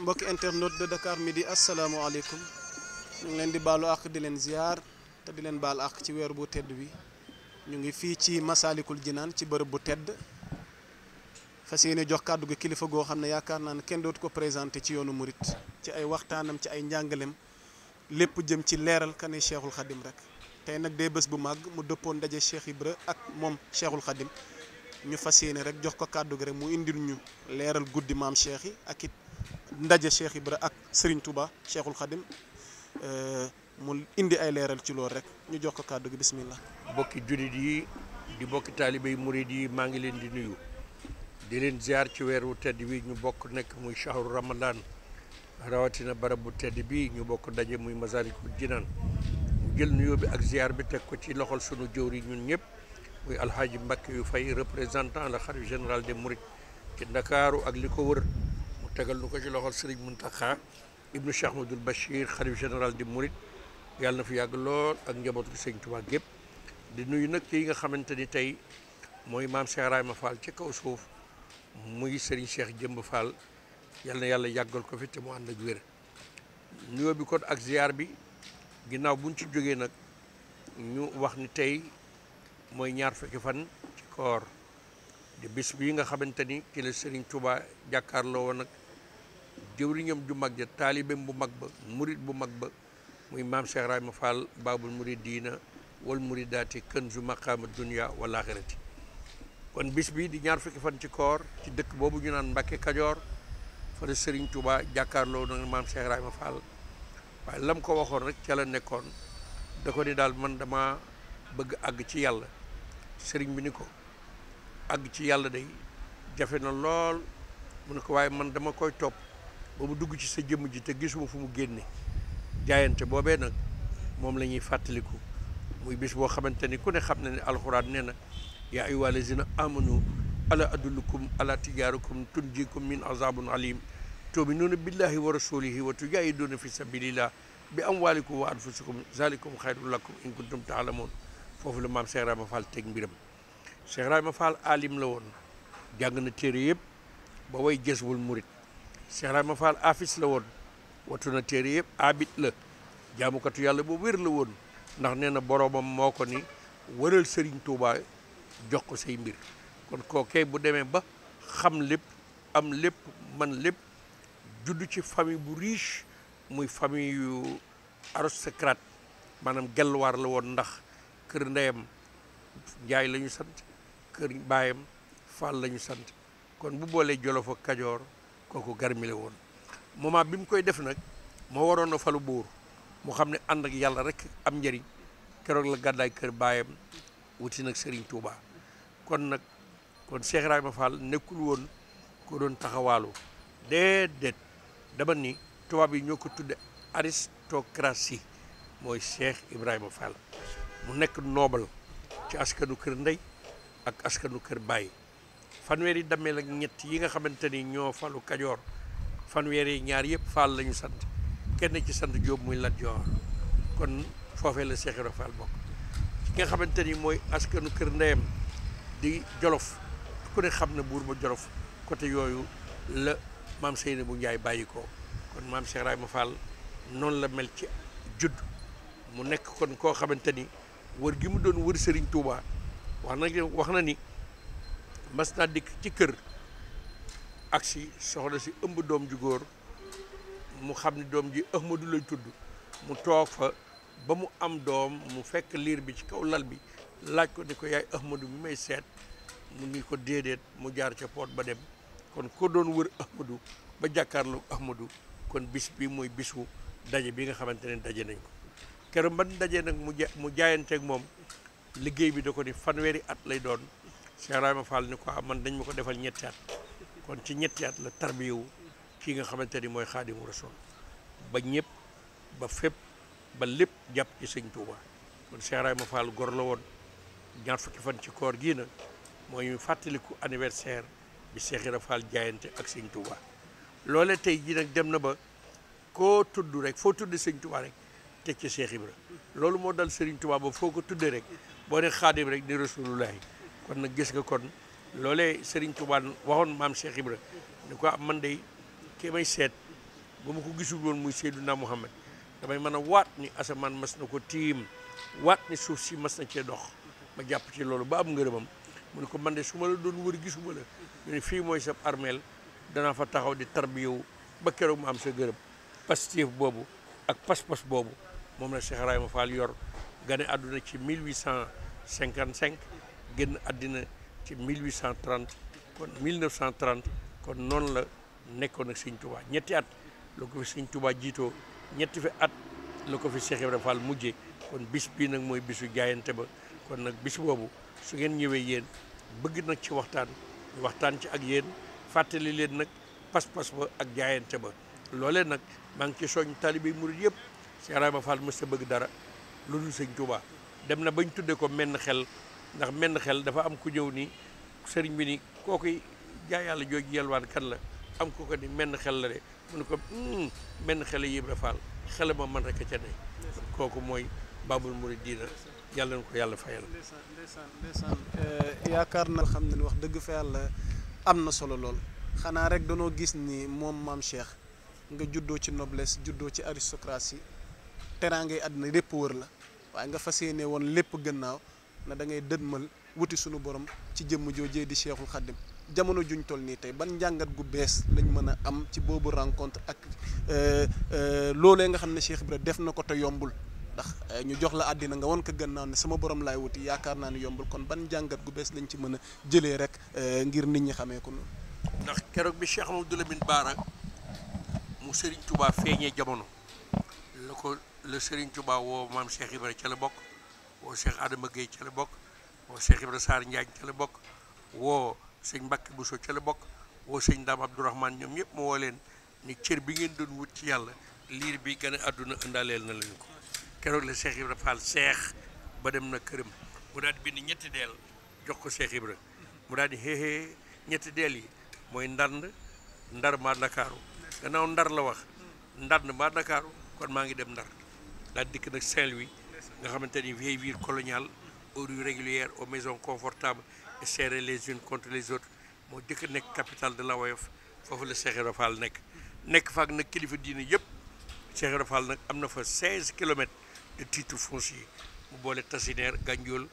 mbokki internet de di Midi asalaamaaleykum ñu ngi leen di baalo àq di leen ziar te di leen baal àq ci weer bu tedd bi ñu ngi fii ci Masaalikul Jinaan ci bërëb bu tedd fas yéene jox kàddu gi kilifa goo xam ne yaakaar naa ne kenn dootu ko présenté ci yoonu murit ci ay waxtaanam ci ay njàngalem lépp jëm ci leeral ka ne Cheikhul Khadim rek tey nag day bés bu màgg mu dëppoon ndaje Cheikh Ibra ak moom Cheikhul Khadim ñu fas yéene rek jox ko kàddu gi rek mu ñu leeral guddi maam Cheikh ak it ndaje Cheikh Ibra ak Serigne Touba Cheikhul Khadim euh, mu indi ay leeral ci loolu rek ñu jox ko kàddu gi bismillah bokki jullit yi di bokki taalibe yi murid yi maa ngi leen di nuyu di leen ziar ci weeru tedd bi ñu bokk nekk muy shahru ramadan rawatina barab bu tedd bi ñu bokk ndaje muy Masaalikul Jinaan jël nuyoo bi ak ziar bi teg ko ci loxol sunu jëwri yi ñun ñëpp muy alxaaji Mbàkke yu fay représentant la xarit général des Mourides ci ndakaaru ak li ko wër mu tegal nu ko ci loxol Serigne Mountakha ibnu Cheikh Ahmadoul Bachir xarit général des Mourides yàlla na fi yàgg lool ak njabootu Sëñ Tuubaa gépp di nuyu nag yi nga xamante ni tey mooy maam Cheikh Ibrahima Fall ci kaw suuf muy Serigne Cheikh Jëmb Fall yàlla na yàlla yàggal ko fi te mu ànd ak wér nuyoo kon ak ziar ginnaaw buñ ci jógee nag ñu wax ni tey mooy ñaar fukki fan ci koor di bis bii nga xamante ni ci la Serigne Touba jàkkaarloo woon nag jëwriñam ju mag ja taalibeem bu mag ba murit bu mag ba muy maam Cheikh Rahma Fall baabul muridiina wal muridaati kanzu maqaama dunya wal axirati kon bis bii di ñaar fukki fan ci koor ci dëkk boobu ñu naan Mbàkke Kajoor fa la Serigne Touba jàkkaarloo nag maam Cheikh Rahma Fall waaye lam ko waxoon rek ca la nekkoon da ko ni daal man dama bëgg àgg ci yàlla sëriñ bi ni ko àgg ci yàlla day jafe na lool mu ne ko waaye man dama koy topp ba mu dugg ci sa jëmm ji te gisuma fu mu génne jaayante boobee nag moom la ñuy fàttaliku muy bis boo xamante ni ku ne xam ne ne alxuraan nee na yaa ayyuhaa lazina amanu ala adullukum ala tijaarukum tunjikum min azabun alim tu'minuuna billahi wa rasulihi wa tujaahiduuna fi sabilillah bi amwaalikum wa anfusikum zalikum xayrun lakum in kuntum taalamuun foofu la maam Cheikh Ibrahima Fall teg mbiram Cheikh Ibrahima Fall alim la woon jàng na téere yëpp ba way Jazbul Murid Cheikh Ibrahima afis la woon watu na téere yëpp abit la jaamukatu yàlla bu wér la woon ndax nee na boroomam moo ko ni wëral Serigne Touba jox ko say mbir kon kookee bu demee ba xam lépp am lépp man lépp juddu ci famille bu riche muy famille yu aristocrate maanaam gelwaar la woon ndax kër ndeyam njaay la ñu sant kër baayam faal lañu sant kon bu boolee jolof kajoor kooku garmi la woon moment bi mu koy def nag moo waroon a falu buur mu xam ne ànd ak yàlla rek am njëriñ keroog la gàddaay kër baayam wuti nag Serigne Touba kon nag kon Cheikh Ibrahima Fall nekkul woon ko doon taxawaalu déedéet dama ni tubaab yi ñoo ko tudde aristocratie mooy Cheikh Ibrahima Fall mu nekk noobal ci askanu kër ndey ak askanu kër Baye fanweeri dammeel ak ñett yi nga xamante ni ñoo falu Kajoor fanweeri ñaar yëpp Fall lañu sant kenn ci sant Jóob muy Lat Joor kon foofee la Cheikh Ibrahima Fall bokk ki nga xamante ni mooy askanu kër ndeyam di Jolof ku ne xam na buur ba Jolof côté yooyu la maam bu Ndiaye bàyyi ko kon maam Cheikh Ibrahima Fall noonu la mel ci judd mu nekk kon koo xamante ni wër gi mu doon wër sëriñ Touba wax na wax na ni mas naa dikk ci kër ak si soxla si ëmb doom ju góor mu xam ni doom ji Ahmadu lañ tudd mu toog fa ba mu am doom mu fekk liir bi ci kaw lal bi laaj ko ni ko yaay Ahmadu bi may seet mu ngi ko déedéet mu jaar ca poot ba dem kon ko doon wër Ahmadou ba jàkkaarloog Ahmadou kon bis bi mooy bisu daje bi nga xamante ne daje nañ ko keroog man daje nag mu mu jaayanteeg moom liggéey bi da ko ni fanweeri at lay doon Cheikh Ibrahima Fall ni ko ah, man dañ ma ko defal ñetti at kon ci ñetti at la tarbiyewu kii nga xamante ni mooy Xaadimu Rasuul ba ñëpp ba fépp ba lépp jàpp ci sëñ Touba kon Cheikh Ibrahima gor la woon ñaar fukki fan ci koor gii nag mooy fàttaliku anniversaire. bi Cheikh Ibra Fall jaayante ak sëñ Touba loole tey jii nag dem na ba koo tudd rek foo tudd sëñ Touba rek teg ci Cheikh Ibra loolu moo dal Serigne Touba ba foo ko tuddee rek boo ne xaadim rek ni rasulullahi kon nag gis nga kon loolee Serigne Touba waxoon maam Cheikh Ibra ni ko am ah, man day ki may seet ba ma ko gisul woon muy Seyduna Muhammad damay mën a waat ni asamaan mas na ko tiim waat ni suuf si mas na cee dox ma jàpp ci loolu ba am ngërëmam mu ne ko man de suma la doon wër gisuma la ñu fii mooy sa armeel danaa fa taxaw di tarbiyewu ba keroog mu am sa gërëm pastéef boobu ak pas-pas boobu moom la Cheikh Ibrahima Fall yor gane àdduna ci 1855 génn àddina ci 1830 kon 1930 kon noonu la nekkoon ak Sëñ Touba ñetti at la ko fi Sëñ Touba jiitoo ñetti fi at la ko fi Cheikh Ibrahima Fall kon bis bii nag mooy bisu jaayante ba kon nag bis boobu su ngeen ñëwee yéen bëgg nag ci waxtaan waxtaan ci ak yéen fàttali leen nag pas-pas ba ak jaayante ba loolee nag maa ngi ci soñ taalibe murid yëpp Cheikh Ibrahima Fall mës a bëgg dara lu dul sëñ Touba dem na bañ tuddee ko menn xel ndax menn xel dafa am ku ñëw nii sëriñ bi ni kooku jaay yàlla jooju yelwaan kan la am ku ko menn xel la de mu ne ko hmm, menn xel Ibra Fall xel ma man rek ca ne kooku mooy Babul Murid diina yàlla na ko yàlla fayal. ndeysaan ndeysaan eh, yaakaar na xam ne wax dëgg fa yàlla am na solo lool xanaa rek danoo gis ni moom maam Cheikh nga juddoo ci noblesse juddoo ci aristocratie teraangay àddina lépp wër la waaye nga fas yéene woon lépp gannaaw na da ngay dëdmal wuti sunu borom ci jëmm joojee di Cheikhul Khadim jamono juñ toll nii tey ban njàngat gu bees lañ mën a am ci boobu rencontre ak eh, eh, loolee nga xam ne Cheikh Ibra def na ko te yombul. ndax eh, ñu jox la àddina nga won ko gannaaw ne sama borom laay wuti yaakaar naa ne yombul kon ban jàngat gu bees lañ ci mën a jëlee rek eh, ngir nit ñi xamee ko noonu. ndax keroog bi Cheikh Amadou Lamine Bara mu Serigne Touba feeñee jamono la ko la Serigne Touba woo maam Cheikh Ibra bokk woo Cheikh bokk woo Cheikh Ibra bokk woo sëñ Mbacke Bousso bokk woo sëñ Dame Abdourahmane ñoom ñëpp mu leen ni cër bi ngeen doon wut ci yàlla liir bi gën a àdduna indaaleel na lañu ko keroog la Cheikh Ibra Fall seex ba dem na këram mu daal di bind ñetti deel jox ko Cheikh mu daal di ñetti deel yi mooy ndand ndar maa ndakaaru gannaaw ndar la wax ndand maa ndakaaru kon maa ngi dem ndar daal dikk nag Saint-Louis nga xamante ni vieille ville coloniale aux rues régulières aux maisons et serrées les unes contre les autres moo dëkk nekk capital de la woyof foofu la Cheikh Ibra nekk nekk faak nag kilifa diine yëpp Cheikh nag am na fa 16 kilomètres titre foncier mu boole tasineer gànjool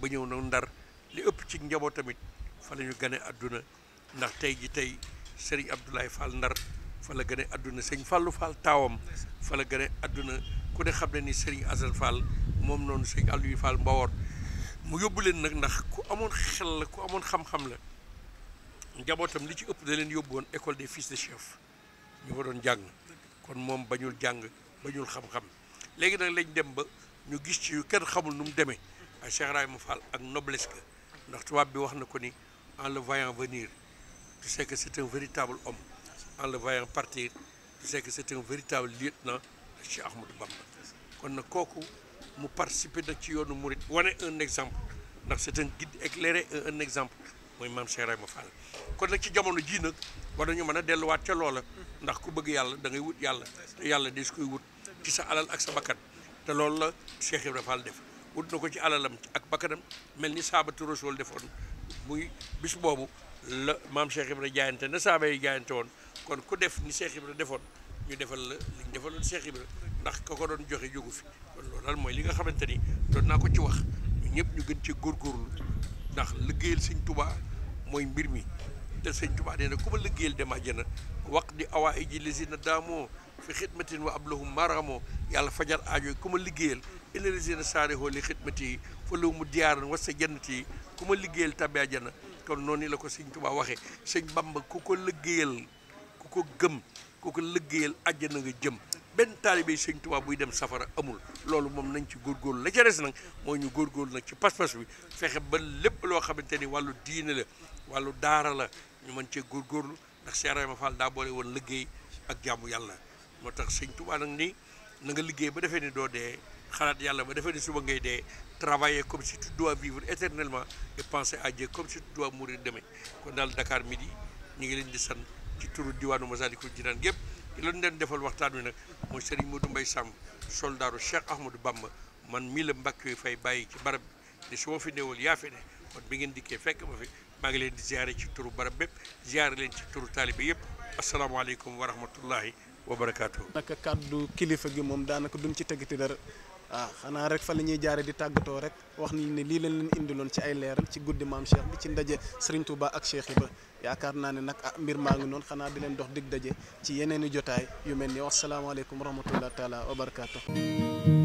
ba ñëw na ndar li ëpp ci njaboot tamit fa la gane àdduna ndax tey ji tey sëriñ Abdoulaye Fall ndar fa la gane àdduna sëñ Fallou Fall taawam fa la gane àdduna ku ne xam ne ni sëriñ Assane Fall moom noonu sëñ Aliou Fall mbawoor mu yóbbu leen nag ndax ku amoon xel la ku amoon xam-xam la njabootam li ci ëpp la leen yóbbu woon école des fils de chef ñu fa doon jàng kon moom bañul jàng bañul xam-xam léegi nag lañu dem ba ñu gis ci yu kenn xamul nu mu demee ak Cheikh Ibrahima Fall ak noblesse que ndax tubaab bi wax na ko ni en le voyant venir tu sais que c'est véritable homme en le voyant partir tu sais que c'est véritable lieutenant de Cheikh Ahmadou Bamba kon nag kooku mu participer nag ci yoonu murit wane un exemple ndax c'est un guide éclairé un exemple mooy maam Cheikh Ibrahima Fall kon nag ci jamono jii nag war nañu mën a delluwaat ca loola ndax ku bëgg yàlla da ngay wut yàlla yàlla des koy wut ci sa alal ak sa bakkat te loolu la Cheikh Ibrahima Fall def wut na ko ci alalam ak bakkanam mel ni saaba saabatu rasul defoon muy bis boobu la maam Cheikh Ibrahima jaayante na saaba yi jaayante woon kon ku def ni Cheikh Ibrahima defoon ñu defal la li ñu defaloon Cheikh Ibrahima ndax ka ko doon joxe jógu fi kon loolu daal mooy li nga xamante ni doon naa ko ci wax ñu ñëpp ñu gën ci góorgóorlu ndax liggéeyal sëñ Tuubaa mooy mbir mi te sëñ Tuubaa dee na ku ma liggéeyal dem àjjana wax di awaay ji lisi na daamoo fi xidmatin wa ablahum maramo yàlla fajar aajo ku ma liggéeyal énergie na saari li xidmati yi fa law mu diyaaran was sa jannati yi ku ma liggéeyal tabe ajana kon noonu la ko sëñ Tuubaa waxee sëñ Bamba ku ko liggéeyal ku ko gëm ku ko liggéeyal ajjana nga jëm benn taalibe yi sëñ buy dem safara amul loolu moom nañ ci góor góorgóorlu la ca des nag moo ñu góorgóorlu nag ci pas-pas bi fexe ba lépp loo xamante ni wàllu diine la wàllu daara la ñu mën cee góorgóorlu ndax Cheikh Ibrahima Fall daa woon liggéey ak jaamu yàlla moo tax sëñ Tuubaa nag ni na nga liggéey ba defee ni doo dee xalaat yàlla ba defee ni suba ngay dee travailler comme si tu dois vivre éternellement et penser à Dieu comme si tu dois mourir kon daal Dakar Midi ñu ngi leen di sant ci turu diwaanu Masaalikul Jinaan gépp loolu leen defal waxtaan wi nag mooy Serigne Modou Mbaye Samb soldaaru Cheikh Ahmadou Bamba man mii la mbàkk yooyu fay bàyyi ci barab bi te su fi newul yaa fi ne kon bi ngeen dikkee fekk ma maa ngi leen di ziare ci turu barab bépp ziare leen ci turu taalibe yëpp asalaamaaleykum wa rahmatullahi wa barakaatu. naka kàddu kilifa gi moom daanaka duñ ci tëggati dara waaw ah, xanaa rek fa la ñuy jaare di tàggatoo rek wax ni ne lii leen leen indiloon ci ay leeral ci guddi maam Cheikh bi ci ndaje Serigne Touba ak Cheikh ba yaakaar naa ne nag ah mbir maa ngi noonu xanaa di leen dox dig daje ci yeneen i jotaay yu mel nii wasalaamaaleykum wa rahmatulah taalaa wa barakaatu.